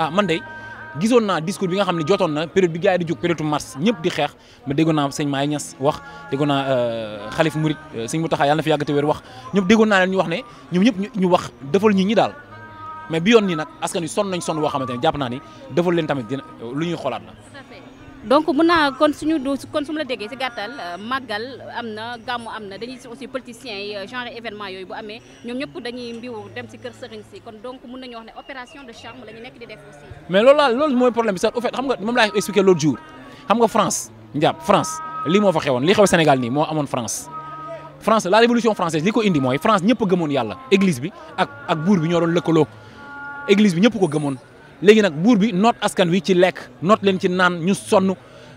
ah man day gisoon naa discours bi nga xam ne jotoon na période bi gaa yi di jóg période mars ñëpp di xeex ma déggoon naa sëñ Maay Ñas wax déggoon naa xalif euh, murit euh, sëñ Mountakha yàlla na fi yàgg te wér wax ñëpp déggoon naa leen ñu wax ne ñoom ñëpp ñu wax defal ñi ñi daal mais bi yoon nii nag aska wi sonn nañ sonn boo xamante ne jàpp naa ni defal leen tamit dina lu ñuy xoolaat la donc mun naa kon suñu du kon su ma la déggee si gàttal euh, màggal euh, am na gàmmu am na dañuy aussi politiciens yi euh, genre événement yooyu bu amee ñoom ñëpp dañuy mbiw dem si kër sëriñ si kon donc mun nañu wax ne opération de charme la nekk di def aussi. mais loolu laa loolu mooy problème bi sax au fait xam nga moom laa expliqué l'autre jour xam nga France njàpp France lii moo fa xewoon lii xew moo amoon France. France la révolution française li ko indi mooy France ñëpp a gëmoon yàlla église bi ak ak ñoo doon lëkkaloo église bi ñëpp ko gëmoon léegi nag buur bi noot askan wi ci lekk noot leen ci naan ñu sonn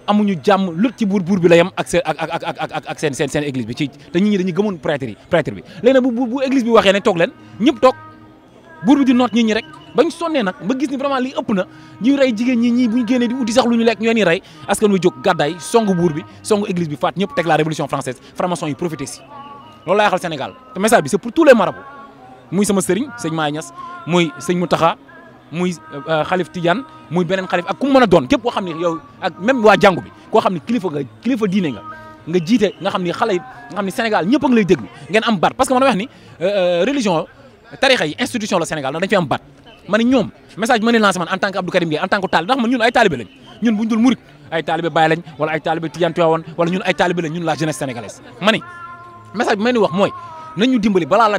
amuñu jàmm lépp ci buur buur bi la yem ak seen ak ak ak seen seen église bi ci te nit ñi dañu gëmoon prêtre yi prêtre bi léegi nag bu église bi waxee ne toog leen ñëpp toog buur bi di noot nit ñi rek bañ sonnee nag ba gis ni vraiment li ëpp na ñuy rey jigéen ñi ñii bu ñu génnee di uti sax lu ñu lekk ñu leen di rey askan wi jóg gàddaay songu buur bi songu église bi faat ñëpp teg la révolution française franc-maçon yi profité si loolu laa yaxal Sénégal te message bi c'est pour tous les marabouts muy sama sëriñ sëñ Maay Ñas muy sëñ Mutaxa muy xalif euh, euh, Tidiane muy beneen xalif ak ku mu mën a doon képp koo xam ne yow ak waa jàngu bi koo xam ne kilifa nga kilifa diine nga nga jiite nga xam ne xale nga xam ne Sénégal ñëpp a ngi lay déglu ngeen am baat parce que man wax ni euh, religion tarixa yi institution la Sénégal dañu fi am baat ma ne ñoom message bi ma leen lancé man en tant que Abdou Karim Gueye en tant que taalibe ndax man ñun ay taalibe lañ ñun bu ñu ay taalibe Baye lañ wala ay taalibe Tidiane Tivaouane wala ñun la jeunesse sénégalaise ma ne message bi ma leen di wax mooy nañu dimbali balaa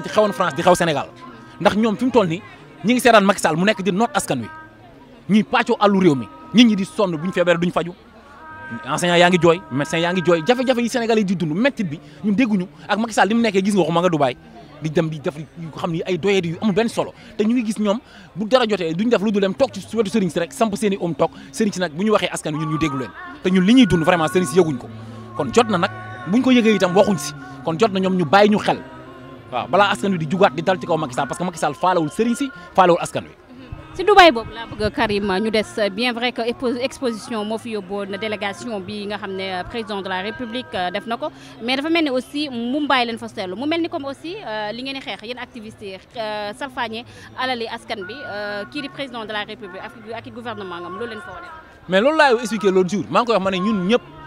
ñi ngi seetaan Macky Sall mu nekk di noot askan wi ñuy pàccoo àllu réew mi ñi di sonn buñu ñu duñu faju enseignant yaa ngi jooy médecin yaa ngi jooy jafe-jafe yi Sénégalais yi di dund mettit bi ñu dégguñu ak Macky Sall li mu nekkee gis nga ko ma nga Dubaay di dem di def yu xam ni ay doyadi yu amul benn solo te ñu ngi gis ñoom bu dara jotee duñ def lu dul dem toog ci wetu sëriñ si rek samp seen i om toog si nag bu ñu waxee askan ñun ñu déglu leen te ñun li ñuy dund vraiment sëriñ si yëguñ ko kon jot na nag buñ ko yëgee itam waxuñ si kon jot na ñu bàyyi ñu xel waaw balaa askan wi di jugaat di dal ci kaw Macky parce que Macky faalawul sëriñ si faalawul askan wi. si Dubaï boobu laa bëgg Karim ñu des euh, bien vrai que exposition moo fi yóbboon délégation bi nga xam ne euh, président de la République euh, def na ko mais dafa mel ni aussi Mumbaay leen fa seetlu mu mel ni comme aussi li ngeen di xeex yéen activistes yi salfaañe alali askan bi kii président de la République ak i gouvernement ngam loolu leen fa wane. ma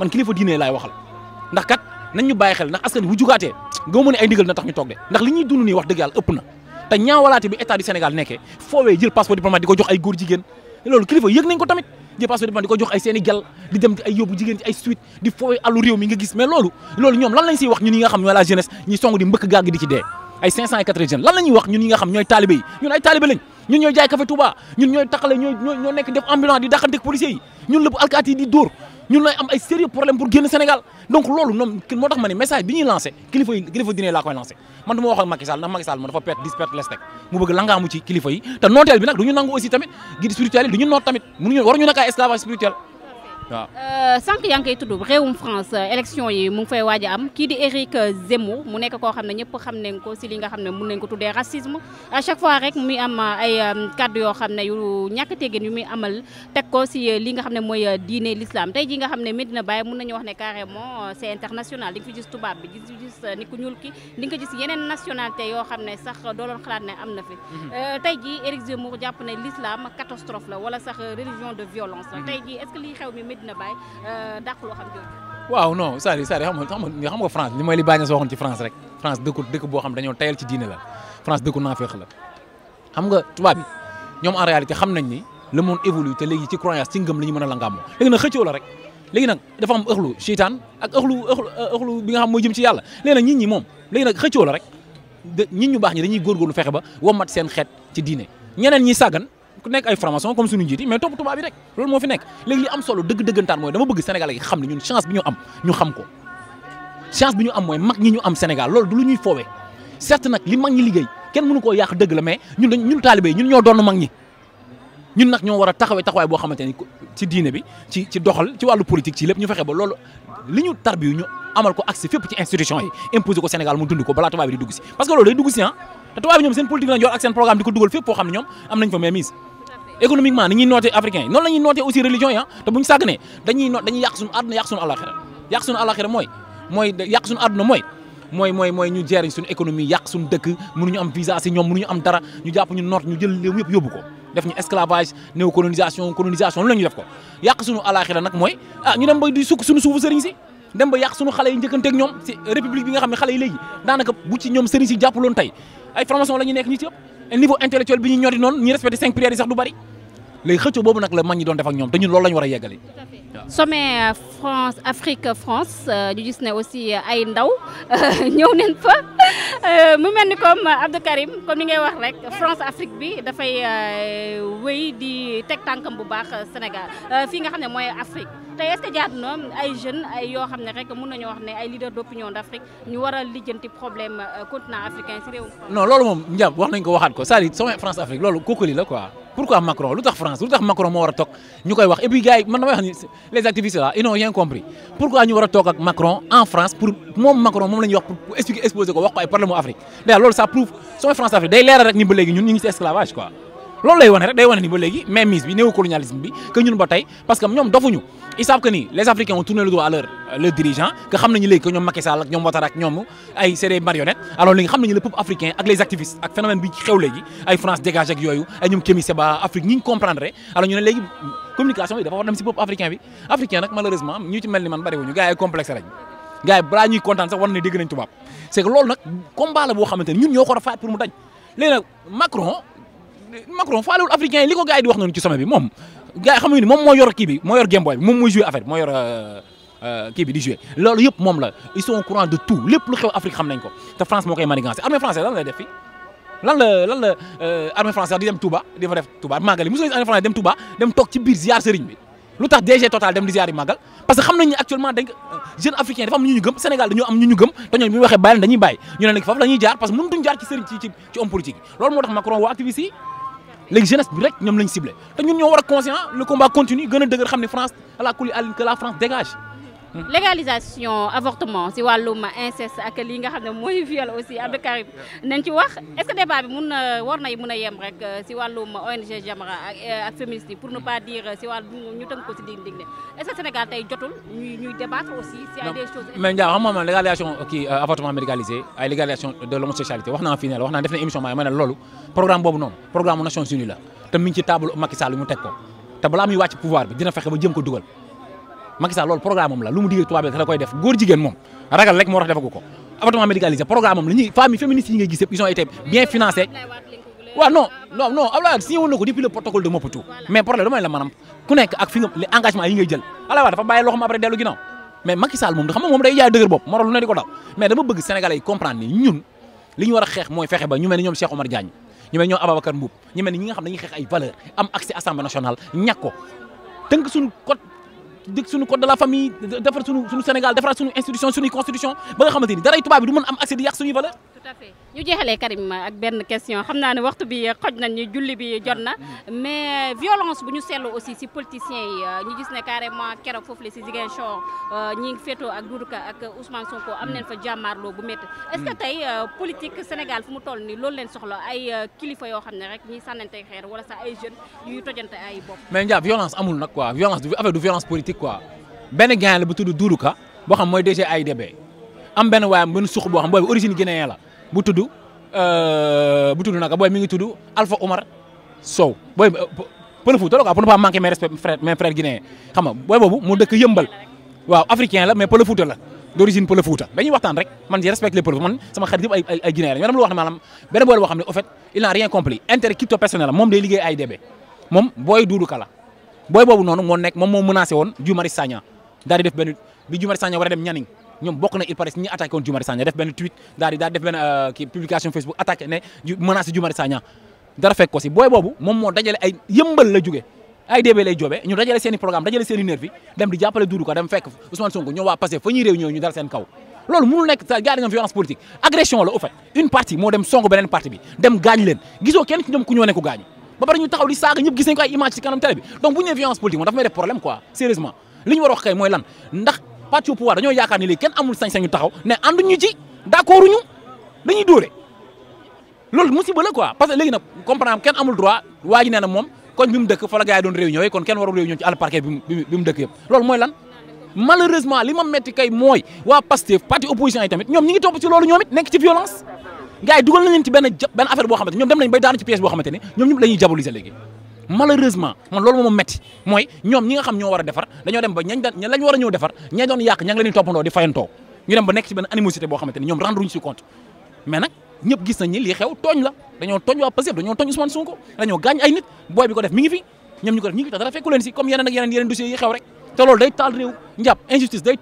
man kilifa diine laay waxal ndax kat nañ ñu bàyyi xel ndax askan bu jugaatee goo ay ndigal na tax ñu toog de ndax li ñuy dund nii wax dëgg yàlla ëpp na te ñaawalaate bi état du Sénégal nekkee foowee jël passeport diplomate di jox ay góor jigéen loolu kilifa yëg nañ ko tamit jël passeport diplomate di jox ay seen di dem ay yóbbu jigéen ay suite di foowee alu réew mi gis mais loolu loolu ñoom lan lañ siy wax ñun ñi nga xam ñooy la jeunesse ñi song ñun lay am ay sérieux problème pour génn Sénégal donc loolu moo tax ma message bi ñuy lancé kilifa yi kilifa diine laa koy lancé man du ma wax ak Macky Sall ndax Macky Sall lestek mu bëgg langaamu ci kilifa yi te nooteel du ñu nangu aussi tamit guide spirituel du ñu noot tamit mënuñu waruñu nekk ay esclavage spirituel waaw euh, sànq yaa ngi koy tudd réewum France élection yi mu ngi fay waaj a am kii di Éric Zemmour mu nekk koo xam ne ñëpp xam nañ si li nga xam ne mun nañ ko tuddee racisme à chaque fois rek muy am ay euh, kàddu yoo xam ne yu ñàkk teggin yu muy amal teg ko si euh, li nga xam ne mooy diine l'islam tey ji nga xam ne Medina Baye mun nañu wax ne carrément c'est international di nga fi gis tubaab bi di nga fi gis ni ku ñuul ki di nga gis yeneen nationalité yoo xam ne sax dooloon xalaat ne am na fi mhm. tey ji Éric Zemmour jàpp ne l'islam catastrophe la wala sax religion de violence Medina Baye euh, dàq loo xam jooju. waaw non cest à xam nga xam nga France li mooy li Bagnès waxoon ci France rek France dëkk boo xam dañoo tayal ci diine la France dëkku naafeex la xam nga tubaab ñoom en réalité xam nañ ni le moon évolue te léegi ci croyance ci ngëm la ñu mën a langaamoo léegi nag xëccoo la rek léegi nag dafa am ëxlu seytaan ak ëxlu ëxlu euh, bi nga xam mooy jëm ci yàlla léegi nag nit ñi moom léegi nag xëccoo la rek nit ñu baax ñi dañuy lu fexe ba wommat seen xeet ci diine ñeneen ñi sàggan nekk ay franc-maçon comme suñu njiit yi topp tubaab rek loolu moo fi nekk léegi li am solo dëgg dëggantaan mooy dama bëgg sénégalais yi xam ne ñun chance bi ñu am ñu xam ko chance bi ñu am mooy mag ñi ñu am Sénégal loolu du lu ñuy foowee certes nag li mag ñi liggéey kenn mënu koo yàq dëgg la mais ñun dañ ñun taalibe yi ñoo doon mag ñi ñun nag ñoo war a taxawee taxawaay boo xamante ni ci diine bi ci ci doxal ci wàllu politique ci lépp ñu fexe ba loolu li ñu tarbi ñu amal ko te tubaab bi ñoom seen politique lañ yor ak seen programme di ko dugal fépp foo xam ne ñoom am nañ fa mainmise économiquement ni ñuy noote africain yi noonu la ñuy noote aussi religion yi ah te bu ñu sàgg ne dañuy no dañuy yàq suñu àdduna yàq suñu àlaxira yàq suñu àlaxira mooy mooy yàq suñu àdduna mooy mooy mooy mooy ñu jëriñ suñu économie yàq suñu dëkk mënuñu am visa si ñoom mënuñu am dara ñu jàpp ñu noot ñu jël léew yëpp yóbbu ko def ñu esclavage néocolonisation colonisation lu la ñu def ko yàq suñu àlaxira nag mooy ah ñu dem ba di sukk suñu suufu sëriñ si dem ba yàq suñu xale yi njëkkanteeg ñoom si république bi nga xam ne xale yi léegi daanaka bu ci ñoom sëriñ si jàppuloon tey ay formation la ñu nekk ñi ci ëpp niveau intellectuel bi ñu ñori noonu ñi respecté cinq prières yi sax du bari léegi xëccoo boobu nag la mag ñi doon def ñoom te loolu la ñu a yeggali. sommet France Afrique France euh, ñu gis ne aussi euh, ay ndaw euh, ñëw neen fa mu mel ni comme Abdou Karim comme ni ngay wax rek France Afrique bi dafay wéy di teg tànkam bu baax Sénégal fii nga xam ne mooy Afrique te est-ce que jaadu ay jeunes ay yoo xam ne rek mun nañoo wax ne ay leader d'opinion d'Afrique ñu war a lijjanti problème continent africain si réew. non loolu moom Ndiab wax nañ ko waxaat ko c'est-à-dire sommet France Afrique loolu kookali la quoi. pourquoi Macron lu tax France lu tax moo war a toog ñu koy wax et puis gars yi man les activistes là ils n'ont rien compris pourquoi ñu war a ak Macron en France pour moom Macron moom la ñuy wax pour expliquer exposer ko wax ko ay parlement Afrique d'ailleurs loolu ça prouve sooy France Afrique day leeral rek ni ba ñun ñu ngi esclavage quoi loolu lay wane rek day wane ni ba léegi même mise bi néocolonialisme bi que ñun ba tey parce que ñoom dofuñu ils savent que ni les africains ont tourné le dos à leur euh, leur dirigeant que xam nañu léegi ñoom Macky Sall ñoom Ouattara ak ñoom ay c'est des marionnettes alors léegi xam nañu le peuple africain ak les France dégage ak yooyu ay ñoom Kémi Seba Afrique ñi ñu comprendre alors ñu ne communication bi dafa war dem si africain bi africain nag malheureusement a faat Macron faalewul africain li ko gars di wax noonu ci sommet bi moom gars xam nga moom moo yor kii bi moom mooy joué affaire bi yor euh, euh, kii di joué loolu yëpp moom la ils sont courant de tout lépp lu xew Afrique xam nañ ko te France moo koy manigancé armée française lan dem Touba dem Touba ci biir ziar sëriñ bi lu tax DG Total dem di ziar yi màggal parce que xam nañ actuellement dañ euh, jeune africain dafa am ñu ñu gëm Sénégal dañoo am ñu ñu gëm te léegi jeunesse bi rek ñoom lañ ciblé te a conscient le combat continue gën a dëgër France à la coulée France dégage légalisation avortement si ma inceste ak lii nga xam ne mooy viol aussi a Karim nañ ci wax est-ce que débat bi mun na war nay mun a yem rek euh, si wàllum ONG Jamra ak euh, ak féministes yi pour ne pas dire euh, si wàllum ñu tënk ko si dig dig ne est-ce que Sénégal tey jotul ñuy ñuy débattre aussi si ay des choses. mais Ndiaye xam wax naa fi wax naa def na émission maa ma ne loolu programme boobu noonu programme Nations Unies la te mi ci table Macky Sall mu ko te balaa muy wàcc pouvoir dina fexe ba jëm ko dugal Macky Sall loolu programme am la lu mu diggee tubaab bi la def góor jigéen moom ragal rek moo tax defagu ko avortement médicalisé programme am la ñuy femmes féministes yi ngay gis yëpp bien financés waaw non non non Abdoulaye Wade signé woon na ko depuis le protocole de Maputo mais problème damay la maanaam ku ak fi engagement yi ngay jël Abdoulaye Wade dafa bàyyi loxoom après dellu ginnaaw mais Macky moom da xam moom day jaay dëgër bopp moral lu ne di ko daw mais dama bëgg sénégalais dëkk suñu code de la famille defar suñu suñu Sénégal defaraat suñu institution suñuy constitution ba nga xamante ni daray tubaab bi du mën am accès di yàq suñuy valeur tout à fait ñu jeexalee Karim ak benn question xam naa ne waxtu bi xoj nañ ñu julli bi jot na mais euh, violence bu ñu seetlu aussi si politiciens yi euh, ñu gis ne carrément keroog foofu la si Ziguinchor euh, ñi ngi féetoo ak Doudou Ka ak Ousmane Sonko am na fa jàmmaarloo bu métti est-ce mm. tey politique Sénégal fu mu toll nii loolu leen soxla ay kilifa yoo xam ne rek ñuy sànnante xeer wala sax ay jeunes yuy tojante ay bopp mais Ndiaye violence amul nag quoi violence affaire du violence politique quoi benn gain la bu tudd Doudou Ka boo xam mooy DG AIBD am benn waayam benn suq boo xam boobu origine guinéen bu tudd euh, bu tudd naka booy mi ngi tudd Alpha Omar Sow booy pël Fuuta la quoi a ne pas manquer mes respects frère mes frères booy boobu mu dëkk yëmbal waaw africain la mais pël la d'origine pël Fuuta waxtaan rek man je respecte les peuples man sama xarit ay ay ay guinéen ne maanaam benn booy boo xam ne au fait il n'a rien compris Kala booy boobu noonu moo nekk moom moo menacé woon Guy Marius Sagna daal di def benn bi Guy Marius Sagna war a dem Nianing ñoom bokk na il paraît ñi attaqué woon Guimard Sagna def benn tweet daal def benn euh, publication Facebook attaqué ne menacé Guimard Sagna dara fekk ko si booy boobu moom moo dajale ay yëmbal la jóge ay déebe lay joobee ñu dajale seen programme dajale seen nervi dem di jàppale Doudou Ka dem fekk Ousmane Sonko ñoo waa passé fa ñuy réew ñoo ñu dal kaw loolu mënul nekk gars yi nga violence politique agression la au fait une partie moo dem song beneen parti parce que léegi nag comprendre kenn amul droit waa ji nee na moom koñ bi mu dëkk fa la gars yi doon réunion yi kon kenn warul opposition yi tamit ñoom ñi ngi topp loolu ñoom it nekk violence gars dugal nañ leen ci affaire boo xamante ñoom dem nañ bay daanu ci pièce boo xamante ne ñoom ñëpp la ñuy diaboliser malheureusement man loolu moom mooy ñoom ñi nga ñoo war a defar dañoo dem ba ñañ daan lañ war a ñëw defar ña doon yàq ña ngi leen di toppandoo di fayantoo ñu dem ba nekk ci benn animosité boo xamante ni ñoom rendre si compte mais nag gis nañ ni lii xew tooñ la dañoo tooñ waa Pastef dañoo tooñ Ousmane Sonko dañoo gaañ ay nit booy bi ko def mi fi ñoom ñu ko def ñu ngi tax dara fekku si comme yeneen ak yeneen yeneen dossiers yi xew rek te day taal réew njàpp injustice